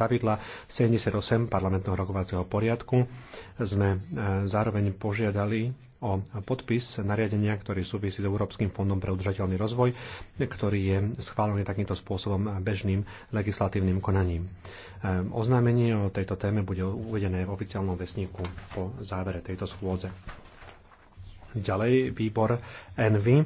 pravidla 78 parlamentného rokovacieho poriadku sme e, zároveň požiadali o podpis nariadenia, ktorý súvisí s Európskym fondom pre udržateľný rozvoj, ktorý je schválený takýmto spôsobom bežným legislatívnym konaním. E, oznámenie o tejto téme bude uvedené v oficiálnom vesníku po závere tejto schôdze. Ďalej výbor Envy